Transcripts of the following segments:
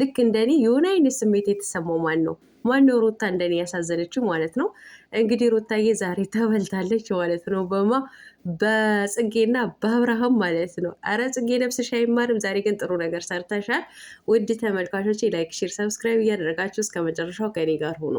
ልክ እንደኔ የሆነ አይነት ስሜት የተሰማው ማን ነው? ማነው ሩታ እንደኔ ያሳዘነችው ማለት ነው። እንግዲህ ሩታዬ ዛሬ ተበልታለች ማለት ነው። በማ በጽጌና በአብርሃም ማለት ነው። አረ ጽጌ ነፍስሽ አይማርም። ዛሬ ግን ጥሩ ነገር ሰርተሻል። ውድ ተመልካቾች ላይክ፣ ሼር፣ ሰብስክራይብ እያደረጋችሁ እስከ መጨረሻው ከኔ ጋር ሆኖ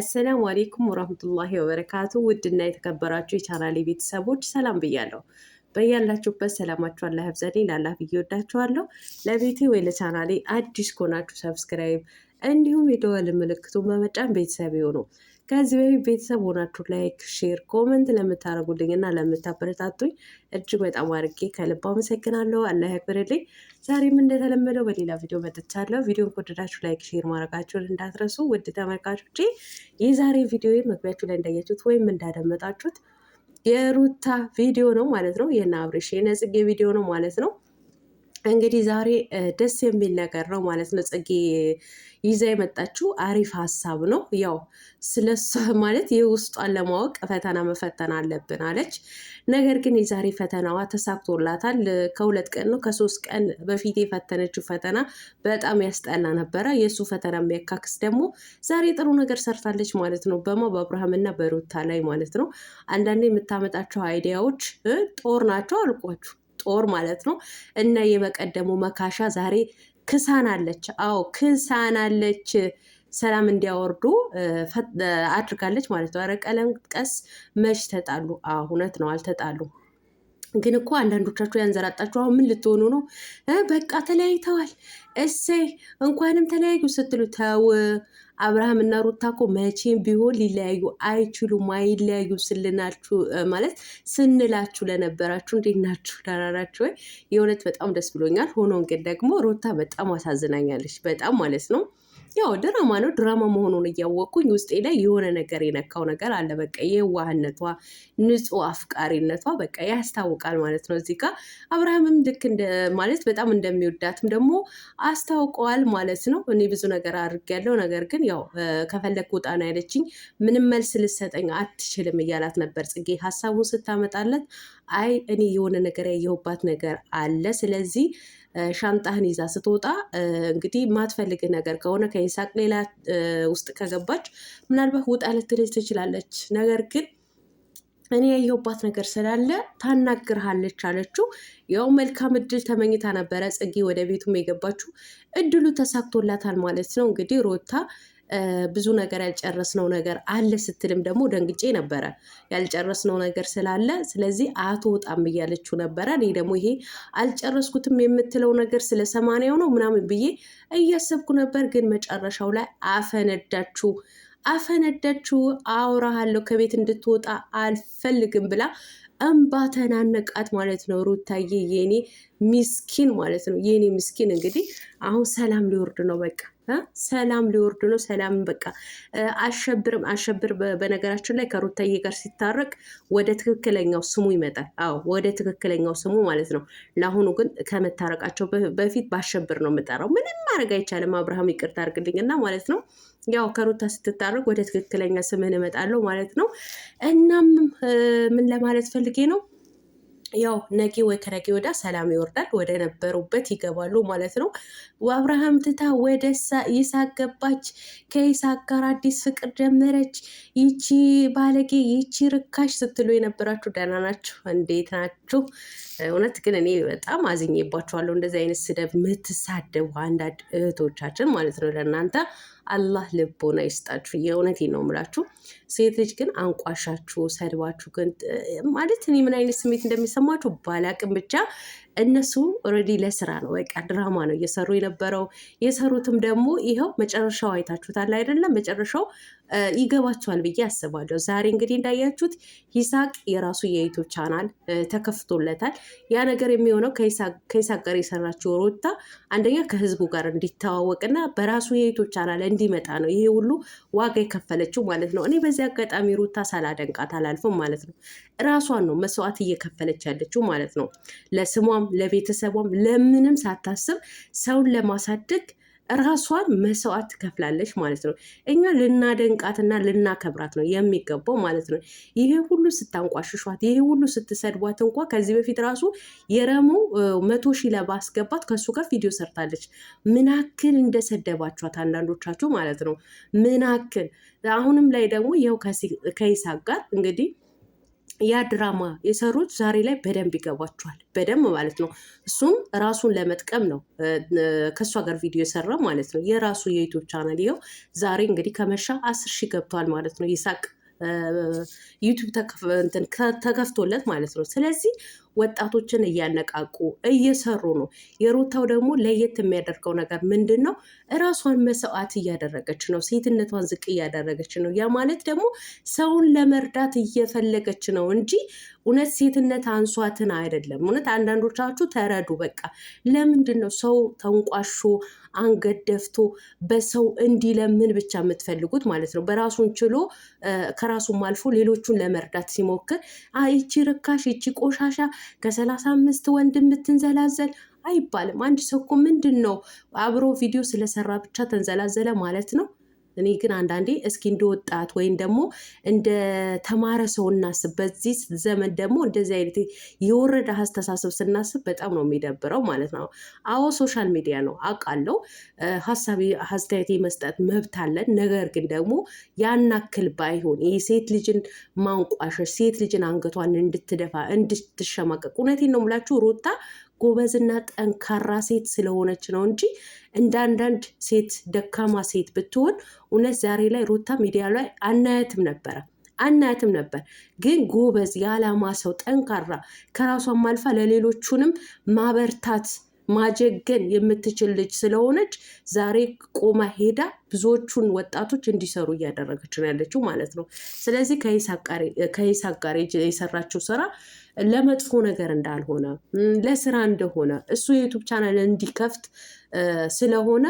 አሰላሙ አሌይኩም ወራህመቱላሂ ወበረካቱ። ውድና የተከበራችሁ የቻናሌ ቤተሰቦች ሰላም ብያለሁ። በያላችሁበት ሰላማችሁ አላህ ያብዛልኝ። ላላህ ብዬ ወዳችኋለሁ። ለቤቴ ወይ ለቻናሌ አዲስ ከሆናችሁ ሰብስክራይብ እንዲሁም የደወል ምልክቱን በመጫን ቤተሰብ የሆኑ ከዚህ በፊት ቤተሰብ ሆናችሁ ላይክ፣ ሼር፣ ኮመንት ለምታደርጉልኝ እና ለምታበረታቱኝ እጅግ በጣም አድርጌ ከልብ አመሰግናለሁ። አላህ ያክብርልኝ። ዛሬም እንደተለመደው በሌላ ቪዲዮ መጥቻለሁ። ቪዲዮን ከወደዳችሁ ላይክ፣ ሼር ማድረጋችሁን እንዳትረሱ። ውድ ተመልካቾቼ የዛሬ ቪዲዮ መግቢያችሁ ላይ እንዳያችሁት ወይም እንዳደመጣችሁት የሩታ ቪዲዮ ነው ማለት ነው። የነ አብርሽ የነጽጌ ቪዲዮ ነው ማለት ነው። እንግዲህ ዛሬ ደስ የሚል ነገር ነው ማለት ነው። ጽጌ ይዛ የመጣችው አሪፍ ሀሳብ ነው። ያው ስለሱ ማለት ይህ ውስጧን ለማወቅ ፈተና መፈተን አለብን አለች። ነገር ግን የዛሬ ፈተናዋ ተሳክቶላታል። ከሁለት ቀን ነው ከሶስት ቀን በፊት የፈተነችው ፈተና በጣም ያስጠላ ነበረ። የእሱ ፈተና የሚያካክስ ደግሞ ዛሬ ጥሩ ነገር ሰርታለች ማለት ነው። በማ በአብርሃም እና በሩታ ላይ ማለት ነው። አንዳንዴ የምታመጣቸው አይዲያዎች ጦር ናቸው አልኳችሁ ጦር ማለት ነው እና የበቀደሙ መካሻ ዛሬ ክሳናለች። አዎ ክሳናለች። ሰላም እንዲያወርዱ አድርጋለች ማለት ነው። ኧረ ቀለም ቀስ መች ተጣሉ? እውነት ነው አልተጣሉም። ግን እኮ አንዳንዶቻችሁ ያንዘራጣችሁ አሁን ምን ልትሆኑ ነው? በቃ ተለያይተዋል፣ እሰይ እንኳንም ተለያዩ ስትሉ ተው። አብርሃም እና ሩታ እኮ መቼም ቢሆን ሊለያዩ አይችሉም። አይለያዩ ስልናችሁ ማለት ስንላችሁ ለነበራችሁ እንዴት ናችሁ? ደህና ናችሁ ወይ? የእውነት በጣም ደስ ብሎኛል። ሆኖ ግን ደግሞ ሩታ በጣም አሳዝናኛለች፣ በጣም ማለት ነው። ያው ድራማ ነው። ድራማ መሆኑን እያወቅኩኝ ውስጤ ላይ የሆነ ነገር የነካው ነገር አለ። በቃ የዋህነቷ፣ ንጹሕ አፍቃሪነቷ በቃ ያስታውቃል ማለት ነው። እዚህ ጋር አብርሃምም ልክ ማለት በጣም እንደሚወዳትም ደግሞ አስታውቀዋል ማለት ነው። እኔ ብዙ ነገር አድርጌያለሁ፣ ነገር ግን ያው ከፈለግ ውጣ ነው ያለችኝ፣ ምንም መልስ ልሰጠኝ አትችልም እያላት ነበር ጽጌ ሀሳቡን ስታመጣለት አይ እኔ የሆነ ነገር ያየሁባት ነገር አለ ስለዚህ ሻንጣህን ይዛ ስትወጣ እንግዲህ ማትፈልግ ነገር ከሆነ ከይሳቅ ሌላ ውስጥ ከገባች ምናልባት ውጣ ልትልጅ ትችላለች። ነገር ግን እኔ ያየሁባት ነገር ስላለ ታናግርሃለች አለችው። ያው መልካም እድል ተመኝታ ነበረ ጽጌ ወደ ቤቱም የገባችው እድሉ ተሳክቶላታል ማለት ነው። እንግዲህ ሮታ ብዙ ነገር ያልጨረስነው ነገር አለ ስትልም ደግሞ ደንግጬ ነበረ። ያልጨረስነው ነገር ስላለ ስለዚህ ወጣም እያለችው ነበረ። እኔ ደግሞ ይሄ አልጨረስኩትም የምትለው ነገር ስለ ሰማንያው ነው ምናምን ብዬ እያሰብኩ ነበር። ግን መጨረሻው ላይ አፈነዳችሁ አፈነዳችሁ። አውራሃለሁ ከቤት እንድትወጣ አልፈልግም ብላ እምባ ተናነቃት ማለት ነው ሩታዬ የኔ ሚስኪን ማለት ነው። የኔ ሚስኪን እንግዲህ አሁን ሰላም ሊወርድ ነው በቃ ሰላም ሊወርድ ነው። ሰላም በቃ አሸብርም አሸብር በነገራችን ላይ ከሩታዬ ጋር ሲታረቅ ወደ ትክክለኛው ስሙ ይመጣል። አዎ ወደ ትክክለኛው ስሙ ማለት ነው። ለአሁኑ ግን ከመታረቃቸው በፊት በአሸብር ነው የምጠራው። ምንም ማድረግ አይቻልም። አብርሃም ይቅርታ አድርግልኝና ማለት ነው። ያው ከሩታ ስትታረቅ ወደ ትክክለኛ ስምህን እመጣለሁ ማለት ነው። እናም ምን ለማለት ፈልጌ ነው ያው ነቂ ወይ ከነቂ ወዳ ሰላም ይወርዳል፣ ወደ ነበሩበት ይገባሉ ማለት ነው። አብርሃም ትታ ወደ ይሳቅ ገባች። ከይሳቅ ጋር አዲስ ፍቅር ጀመረች። ይቺ ባለጌ፣ ይቺ ርካሽ ስትሉ የነበራችሁ ደህና ናችሁ? እንዴት ናችሁ? እውነት ግን እኔ በጣም አዝኜባችኋለሁ። እንደዚህ አይነት ስደብ የምትሳደቡ አንዳንድ እህቶቻችን ማለት ነው ለእናንተ አላህ ልቦና ይስጣችሁ። የእውነቴ ነው የምላችሁ። ሴት ልጅ ግን አንቋሻችሁ ሰድባችሁ ግን ማለት እኔ ምን አይነት ስሜት እንደሚሰማችሁ ባላቅም ብቻ እነሱ ኦልሬዲ ለስራ ነው፣ በቃ ድራማ ነው እየሰሩ የነበረው። የሰሩትም ደግሞ ይኸው መጨረሻው አይታችሁታል አይደለም? መጨረሻው ይገባቸዋል ብዬ አስባለሁ። ዛሬ እንግዲህ እንዳያችሁት ሂሳቅ የራሱ የዩቱብ ቻናል ተከፍቶለታል። ያ ነገር የሚሆነው ከሂሳቅ ጋር የሰራችው ሮታ አንደኛ ከህዝቡ ጋር እንዲተዋወቅና በራሱ የዩቱብ ቻናል እንዲመጣ ነው ይሄ ሁሉ ዋጋ የከፈለችው ማለት ነው። እኔ በዚህ አጋጣሚ ሩታ ሳላደንቃት አላልፍም ማለት ነው። ራሷን ነው መስዋዕት እየከፈለች ያለችው ማለት ነው። ለስሟ ለራሷም ለቤተሰቧም ለምንም ሳታስብ ሰውን ለማሳደግ ራሷን መስዋዕት ትከፍላለች ማለት ነው። እኛ ልናደንቃትና ልናከብራት ነው የሚገባው ማለት ነው። ይሄ ሁሉ ስታንቋሽሿት፣ ይሄ ሁሉ ስትሰድቧት እንኳ ከዚህ በፊት ራሱ የረሙ መቶ ሺህ ለማስገባት ከእሱ ጋር ቪዲዮ ሰርታለች። ምናክል እንደሰደባችኋት አንዳንዶቻችሁ ማለት ነው። ምናክል አሁንም ላይ ደግሞ ይኸው ከይሳቅ ጋር እንግዲህ ያ ድራማ የሰሩት ዛሬ ላይ በደንብ ይገባቸዋል። በደንብ ማለት ነው። እሱም ራሱን ለመጥቀም ነው ከእሱ ጋር ቪዲዮ የሰራ ማለት ነው። የራሱ የዩቱብ ቻናል ይኸው ዛሬ እንግዲህ ከመሻ አስር ሺህ ገብቷል ማለት ነው ይሳቅ ዩቱብ ተከፍቶለት ማለት ነው። ስለዚህ ወጣቶችን እያነቃቁ እየሰሩ ነው። የሩታው ደግሞ ለየት የሚያደርገው ነገር ምንድን ነው? እራሷን መስዋዕት እያደረገች ነው። ሴትነቷን ዝቅ እያደረገች ነው። ያ ማለት ደግሞ ሰውን ለመርዳት እየፈለገች ነው እንጂ እውነት ሴትነት አንሷትን አይደለም። እውነት አንዳንዶቻችሁ ተረዱ። በቃ ለምንድን ነው ሰው ተንቋሾ አንገት ደፍቶ በሰው እንዲለምን ብቻ የምትፈልጉት ማለት ነው? በራሱን ችሎ ከራሱም አልፎ ሌሎቹን ለመርዳት ሲሞክር ይቺ ርካሽ፣ ይቺ ቆሻሻ ከሰላሳ አምስት ወንድ የምትንዘላዘል አይባልም። አንድ ሰው እኮ ምንድን ነው አብሮ ቪዲዮ ስለሰራ ብቻ ተንዘላዘለ ማለት ነው? እኔ ግን አንዳንዴ እስኪ እንደ ወጣት ወይም ደግሞ እንደ ተማረ ሰው እናስብ። በዚህ ዘመን ደግሞ እንደዚህ አይነት የወረደ አስተሳሰብ ስናስብ በጣም ነው የሚደብረው ማለት ነው። አዎ ሶሻል ሚዲያ ነው አውቃለሁ። ሀሳቢ አስተያየት የመስጠት መብት አለን። ነገር ግን ደግሞ ያናክል ባይሆን ይህ ሴት ልጅን ማንቋሸሽ፣ ሴት ልጅን አንገቷን እንድትደፋ እንድትሸማቀቅ እውነቴን ነው የምላችሁ ሮታ ጎበዝና ጠንካራ ሴት ስለሆነች ነው እንጂ እንደ አንዳንድ ሴት ደካማ ሴት ብትሆን እውነት ዛሬ ላይ ሩታ ሚዲያ ላይ አናያትም ነበረ አናያትም ነበር። ግን ጎበዝ፣ የዓላማ ሰው፣ ጠንካራ ከራሷም አልፋ ለሌሎቹንም ማበርታት ማጀገን የምትችል ልጅ ስለሆነች ዛሬ ቆማ ሄዳ ብዙዎቹን ወጣቶች እንዲሰሩ እያደረገች ነው ያለችው ማለት ነው። ስለዚህ ከይሳቅ ጋር የሰራችው ስራ ለመጥፎ ነገር እንዳልሆነ ለስራ እንደሆነ እሱ የዩቱብ ቻናል እንዲከፍት ስለሆነ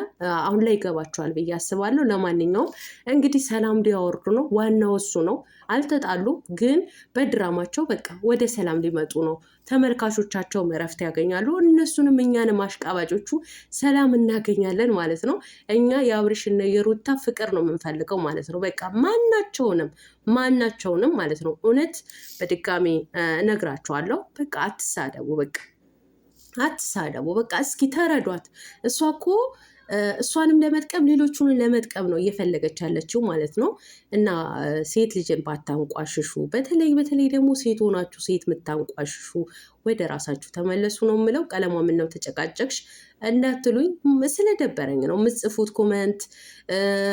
አሁን ላይ ይገባቸዋል ብዬ አስባለሁ። ለማንኛውም እንግዲህ ሰላም ሊያወርዱ ነው፣ ዋናው እሱ ነው። አልተጣሉ ግን በድራማቸው በቃ ወደ ሰላም ሊመጡ ነው። ተመልካቾቻቸው እረፍት ያገኛሉ። እነሱንም እኛንም አሽቃባጮቹ ሰላም እናገኛለን ማለት ነው። እኛ የአብርሽና የሩታ ፍቅር ነው የምንፈልገው ማለት ነው። በቃ ማናቸውንም ማናቸውንም ማለት ነው። እውነት በድጋሚ እነግራቸዋለሁ። በቃ አትሳደቡ፣ በቃ አትሳደቡ፣ በቃ እስኪ ተረዷት። እሷ እኮ እሷንም ለመጥቀም ሌሎቹን ለመጥቀም ነው እየፈለገች ያለችው ማለት ነው። እና ሴት ልጅን ባታንቋሽሹ፣ በተለይ በተለይ ደግሞ ሴት ሆናችሁ ሴት የምታንቋሽሹ ወደ ራሳችሁ ተመለሱ ነው የምለው። ቀለሟ ምነው ተጨቃጨቅሽ እንዳትሉኝ፣ ስለደበረኝ ነው የምትጽፉት ኮመንት፣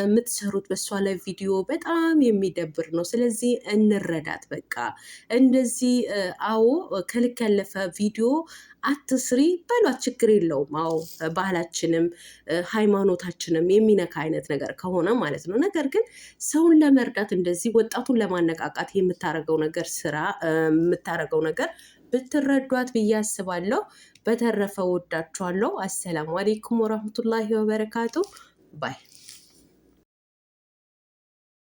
የምትሰሩት በሷ ላይ ቪዲዮ በጣም የሚደብር ነው። ስለዚህ እንረዳት በቃ እንደዚህ አዎ፣ ከልክ ያለፈ ቪዲዮ አትስሪ በሏት፣ ችግር የለውም። አዎ ባህላችንም ሃይማኖታችንም የሚነካ አይነት ነገር ከሆነ ማለት ነው። ነገር ግን ሰውን ለመርዳት እንደዚህ ወጣቱን ለማነቃቃት የምታረገው ነገር ስራ የምታረገው ነገር ብትረዷት ብዬ አስባለሁ። በተረፈ ወዳችኋለሁ። አሰላሙ አሌይኩም ወራህመቱላሂ ወበረካቱ ባይ